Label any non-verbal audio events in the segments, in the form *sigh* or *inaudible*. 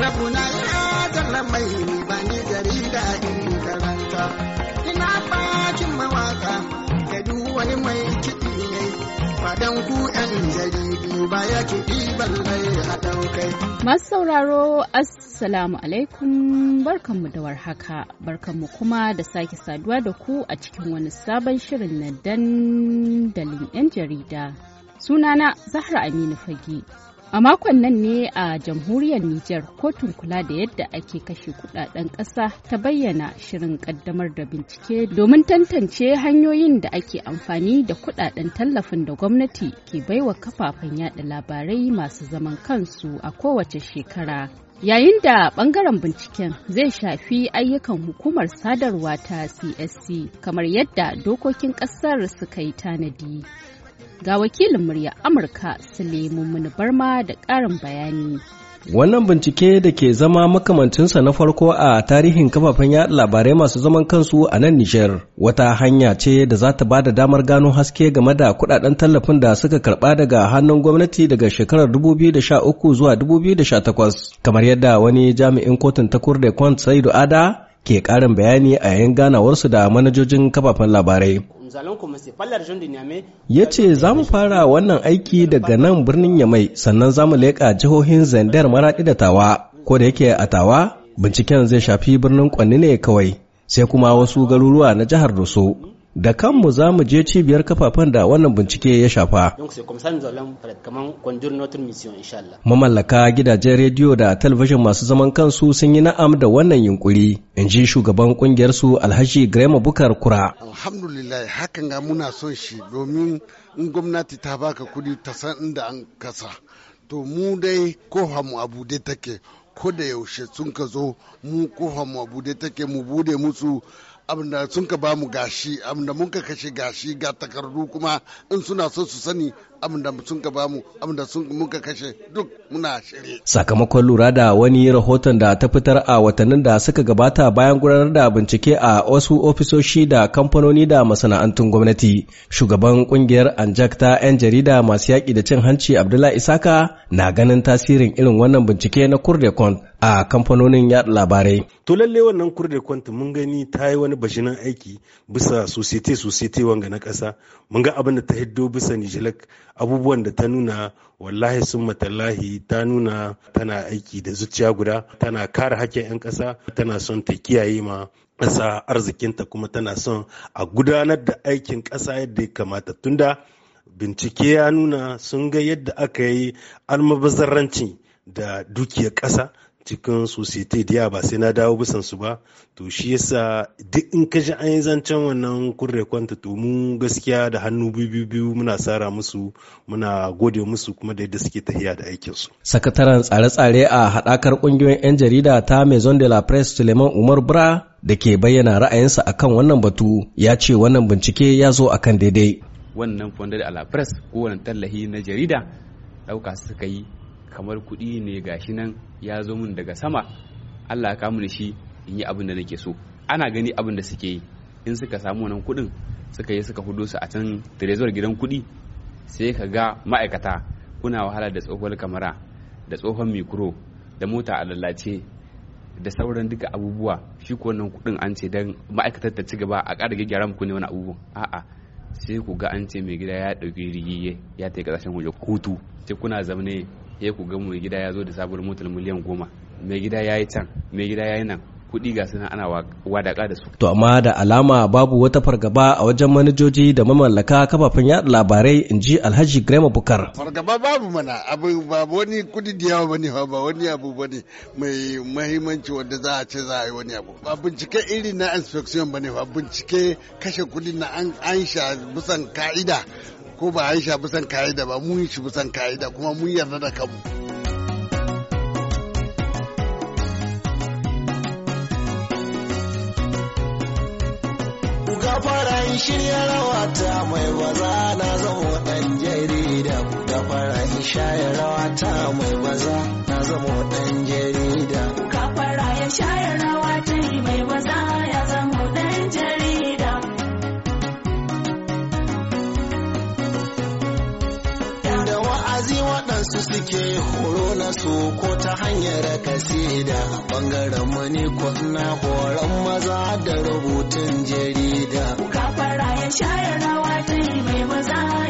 rabuna ya zalla mai ba ni jarida karanta ina bakin mawaka ga duk wani mai kiɗi ne fadan ku yan jaridu ba ya kiɗi balle a ɗaukai. masu sauraro assalamu alaikum barkanmu da warhaka barkanmu kuma da sake saduwa da ku a cikin wani sabon shirin na dandalin yan jarida sunana zahra aminu fage A makon nan ne a jamhuriyar Nijar kotun kula da yadda ake kashe kudaden ƙasa ta bayyana shirin ƙaddamar da bincike domin tantance hanyoyin da ake amfani da kudaden tallafin da gwamnati ke baiwa kafafen yada labarai masu zaman kansu a kowace shekara. Yayin da ɓangaren binciken zai shafi ayyukan hukumar sadarwa ta CSC kamar yadda dokokin ƙasar suka yi tanadi. Ga wakilin murya Amurka sulemu mini Barma da ƙarin bayani. Wannan bincike da ke zama makamancinsa na farko a tarihin kafafen yaɗa labarai masu zaman kansu a nan Nijar wata hanya ce da za ta ba da damar gano haske game da kudaden tallafin da suka karɓa daga hannun gwamnati daga shekarar 2013 zuwa 2018 kamar yadda wani jami'in kotun ta kurde Saidu Ada ke karin bayani a yayin ganawarsu da manajojin kafafen labarai. Ya ce za mu fara wannan aiki daga nan birnin Yamai sannan za mu leƙa jihohin Zandar Maraɗi da Tawa, ko da yake a Tawa binciken zai shafi birnin Kwanni ne kawai, sai kuma wasu garuruwa na jihar Doso. da kanmu za mu je cibiyar kafafen da wannan bincike ya shafa. Mamallaka gidajen rediyo da talabijin masu zaman kansu sun yi na'am da wannan yunkuri, in ji shugaban kungiyar su Alhaji Grema Bukar Kura. Alhamdulillah hakan ga muna son shi domin in gwamnati ta baka kudi ta san inda an kasa. To mu dai kofa mu abu dai take ko da yaushe sun ka zo mu kofa mu bude take mu bude musu abinda sun ka bamu gashi abinda da mun ka kashe gashi ga takardu kuma in suna so su sani abinda sun ka bamu abinda sun muka kashe duk muna shirye. Sakamakon lura da wani rahoton da ta fitar a watannin da suka gabata bayan gudanar da bincike a wasu ofisoshi da kamfanoni da masana'antun gwamnati. Shugaban kungiyar Anjak ta 'yan jarida masu yaƙi da cin hanci Abdullahi Isaka na ganin tasirin irin wannan bincike na Kurdekon a kamfanonin yaɗa labarai. To lalle wannan Kurdekon mun gani ta yi wani bashinan aiki bisa sosai sosai wanga na ƙasa mun ga abin da ta hiddo bisa Nijilak abubuwan da ta nuna wallahi sun matallahi ta nuna tana aiki da zuciya guda tana kare hakkin 'yan ƙasa tana son ta kiyaye ma ƙasa arzikinta kuma tana son a gudanar da aikin ƙasa yadda ya kamata tunda bincike ya nuna sun ga yadda aka yi almabazarranci da dukiyar ƙasa cikin society diya ba sai na dawo bisan su ba to shi yasa duk in ka ji an yi zancen wannan kurre kwanta to mu gaskiya da hannu biyu biyu muna sara musu muna gode musu kuma da yadda suke tafiya da aikin su sakataren tsare-tsare a hadakar kungiyoyin yan jarida ta Maison de la Presse Suleiman Umar Bra da ke bayyana ra'ayinsa akan wannan batu ya ce wannan bincike ya zo akan daidai wannan fondar da la presse ko wannan tallahi na jarida dauka suka yi kamar kuɗi ne gashi nan ya zo min daga sama Allah ya kamu shi in yi abin da nake so ana gani abin da suke yi in suka samu wannan kuɗin suka yi suka hudu su a can trezor gidan kuɗi sai ka ga ma'aikata kuna wahala da tsohon kamara da tsohon mikro da mota a lalace da sauran duka abubuwa shi ko wannan kuɗin an ce dan ma'aikatar ta ci gaba a ƙara gyara muku ne wani abubu a'a sai ku ga an ce mai gida ya ɗauki rigiye ya ta yi ƙasashen waje hutu sai kuna zaune ya ku ga mai gida ya zo da sabuwar motar miliyan goma mai gida ya yi can mai gida ya yi nan kuɗi ga suna ana wadaka da su. To amma da alama babu wata fargaba a wajen manajoji da mamallaka kafafen yaɗa labarai in ji Alhaji Grema Bukar. Fargaba babu mana abu ba wani kuɗi da yawa bane ba wani abu bane mai mahimmanci wanda za a ce za a yi wani abu. Ba bincike iri na inspection bane ba bincike kashe kuɗi na an sha bisan ka'ida ko ba Aisha shafi san ka'ida ba mun shafi san ka'ida kuma mun yarda da kanmu. Gafaran shirya rawa ta mai baza na zama ɗan jarida. Gafaran shaya rawa ta mai baza na zama ɗan jarida. horo na su ko ta hanyar kasida bangaren mani ko na horon maza da rubutun jarida kafara ya rawa mai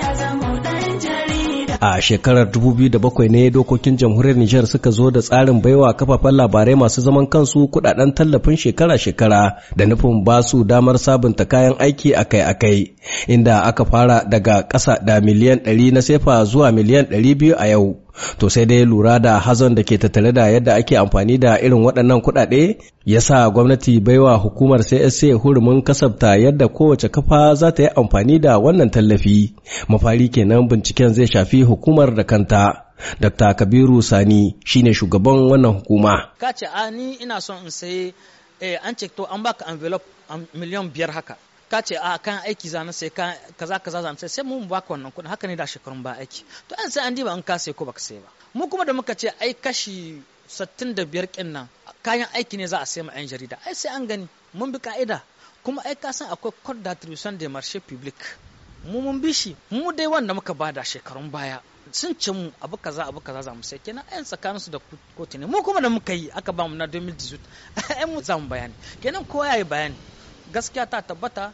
ya zama dan jarida a shekarar 2007 ne dokokin jamhuriyar Nijar suka zo da tsarin baiwa kafafen labarai masu zaman kansu kudaden tallafin shekara-shekara da nufin ba su damar sabunta kayan aiki akai-akai inda aka fara daga ƙasa da miliyan 100 na sefa zuwa miliyan 200 a yau to sai dai lura da hazon da ke tattare da yadda ake amfani da irin waɗannan kuɗaɗe ya sa gwamnati bai wa hukumar CSA hurumin kasafta yadda kowace kafa za ta yi amfani da wannan tallafi mafari kenan binciken zai shafi hukumar da kanta Dr. Kabiru Sani shine shugaban wannan hukuma. Ka ce ah, ni ina son in sayi eh, an ce to an baka envelope miliyan biyar haka ka ce a ah, kan aiki zana sai ka kaza kaza zana sai sai mu ka wannan kuɗin haka ne da shekarun ba aiki to an sai an diba an ka sai ko baka sai ba mu kuma da muka ce ai kashi 65 kin nan kayan aiki ne za a sai ma yan jarida ai sai an gani mun bi ka'ida kuma ai ka san akwai code d'attribution des marchés publics mu mun bi shi mu dai wanda muka bada shekarun baya sun ce mu abu kaza abu kaza za mu sai kenan ayan tsakanin su da kotu ne mu kuma da muka yi aka ba mu na 2018 *laughs* ayan mu za mu bayani kenan kowa ya yi bayani gaskiya ta tabbata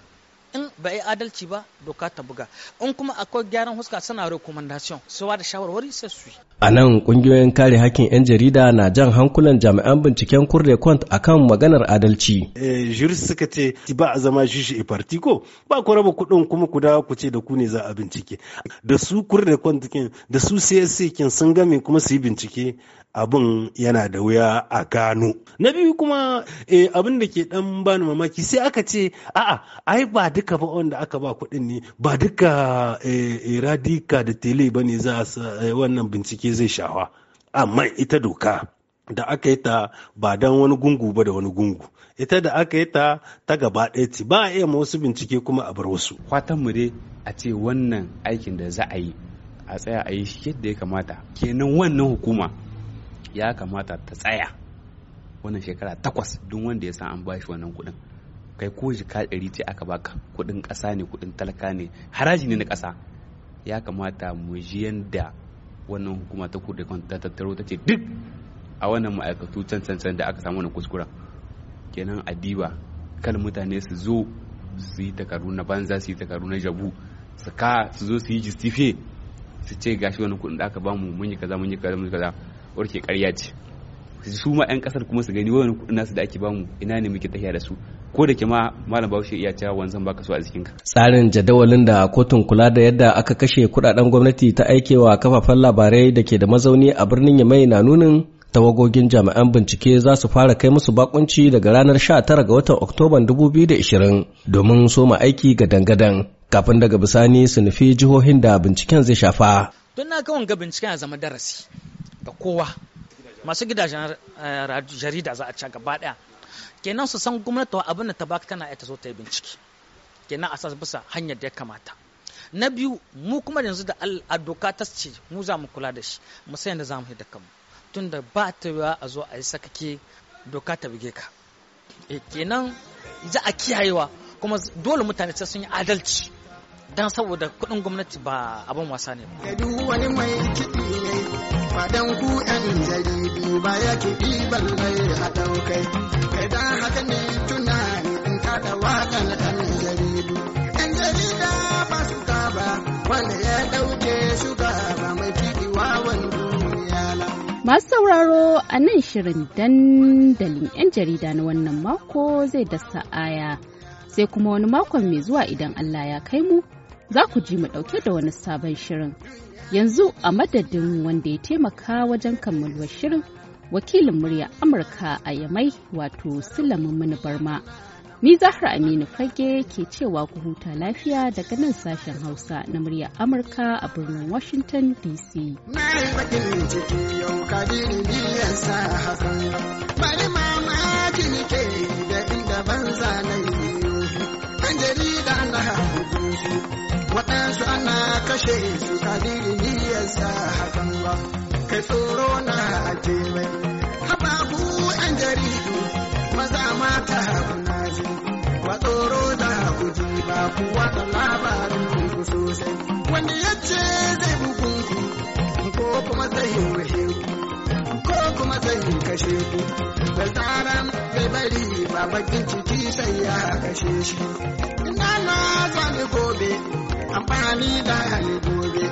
in ba yi adalci ba doka ta buga in kuma akwai gyaran huska suna recommendation suwa da shawarwari sai su a nan kungiyoyin kare hakkin 'yan jarida na jan hankulan jami'an binciken kurde kwant kan maganar adalci eh, jurist suka ce ba a zama shishi a ko ba ku raba kuɗin kuma ku dawo ku ce da ku ne za a bincike da su kurde kwant da su csc kin sun game kuma su yi bincike abin yana da wuya a gano na biyu kuma eh, abin da ke dan bani mamaki sai aka ce a'a ai ba duka ba wanda aka ba kuɗin ne ba duka eh, radika da tele ba ne za eh, wannan bincike zai shawa amma ita doka da aka yi ta ba don wani gungu ba da wani gungu ita da aka yi ta ta gaba ɗaya ce ba a iya ma wasu bincike kuma a bar wasu mu a ce wannan aikin da za a yi a tsaya a yi shi yadda ya kamata kenan wannan hukuma ya kamata ta tsaya wannan shekara takwas duk wanda ya san an bashi wannan kuɗin kai ko jika ɗari ce aka baka kuɗin ƙasa ne kuɗin talaka ne haraji ne na ƙasa ya kamata mu ji yanda wannan hukuma ta kuɗe ta tattaro ta ce duk a wannan ma'aikatu can can can da aka samu wannan kuskura kenan adiba kan mutane su zo su yi takaru na banza su yi takaru na jabu su ka su zo su yi justifiye su ce gashi wannan kuɗin da aka bamu mun yi kaza mun yi kaza mun yi kaza warke karya ce su ma 'yan kasar kuma su gani wani kudin nasu da ake bamu ina ne muke tafiya da su ko da ke ma malam bahaushe iya cewa wanzan baka so a jikin ka tsarin jadawalin da kotun kula da yadda aka kashe kudaden gwamnati ta aikewa kafafen labarai da ke da mazauni a birnin yamai na nunin tawagogin jami'an bincike za su fara kai musu bakunci daga ranar 19 ga watan oktoban 2020 domin soma aiki ga dangadan kafin daga bisani su nufi jihohin da binciken zai shafa. Tun na kawon ga binciken ya zama darasi. Da kowa masu gidajen eh, jarida za a ci gaba daya kenan su san gwamnati wa abin da ta baka tana ita zo ta yi bincike kenan a sa bisa hanyar da ya kamata na biyu mu kuma yanzu da doka ta ce mu za mu kula da shi mu san yadda za mu da kanmu tunda ba ta yiwa a zo a yi sakake doka ta buge ka eh, kenan za a kiyayewa kuma dole mutane sai sun yi adalci don saboda kuɗin gwamnati ba abin wasa ne ba. fadan ku yan jaridu ba ya ke ɗiban mai haɗau kai idan haka ne tunani in kaɗa waƙan ɗan jaridu yan jarida ba su ba wanda ya ɗauke shugaba mai fiɗi wawan duniyala. Masu sauraro a nan shirin dandalin 'yan jarida na wannan mako zai dasa aya sai kuma wani makon mai zuwa idan Allah ya kai mu za ku ji mu ɗauke da wani sabon shirin. yanzu a madadin wanda ya taimaka wajen kammaluwar shirin wakilin murya amurka a yamai wato Silamin mini barma ni zahra aminu fage ke cewa ku huta lafiya daga nan sashen hausa na murya amurka a birnin washington dc Thank you. waɗansu ana kashe su sabili hakan ba kai tsoro na ake mai hababu yan jaridu maza mata kuna ji ba tsoro da kuji ba ku da labarin ku sosai wani ya ce zai bugun ku ko kuma zai wuce ku ko kuma zai kashe ku da tsaran bari ba bakin ciki sai ya kashe shi ina na zane gobe amfani da gobe.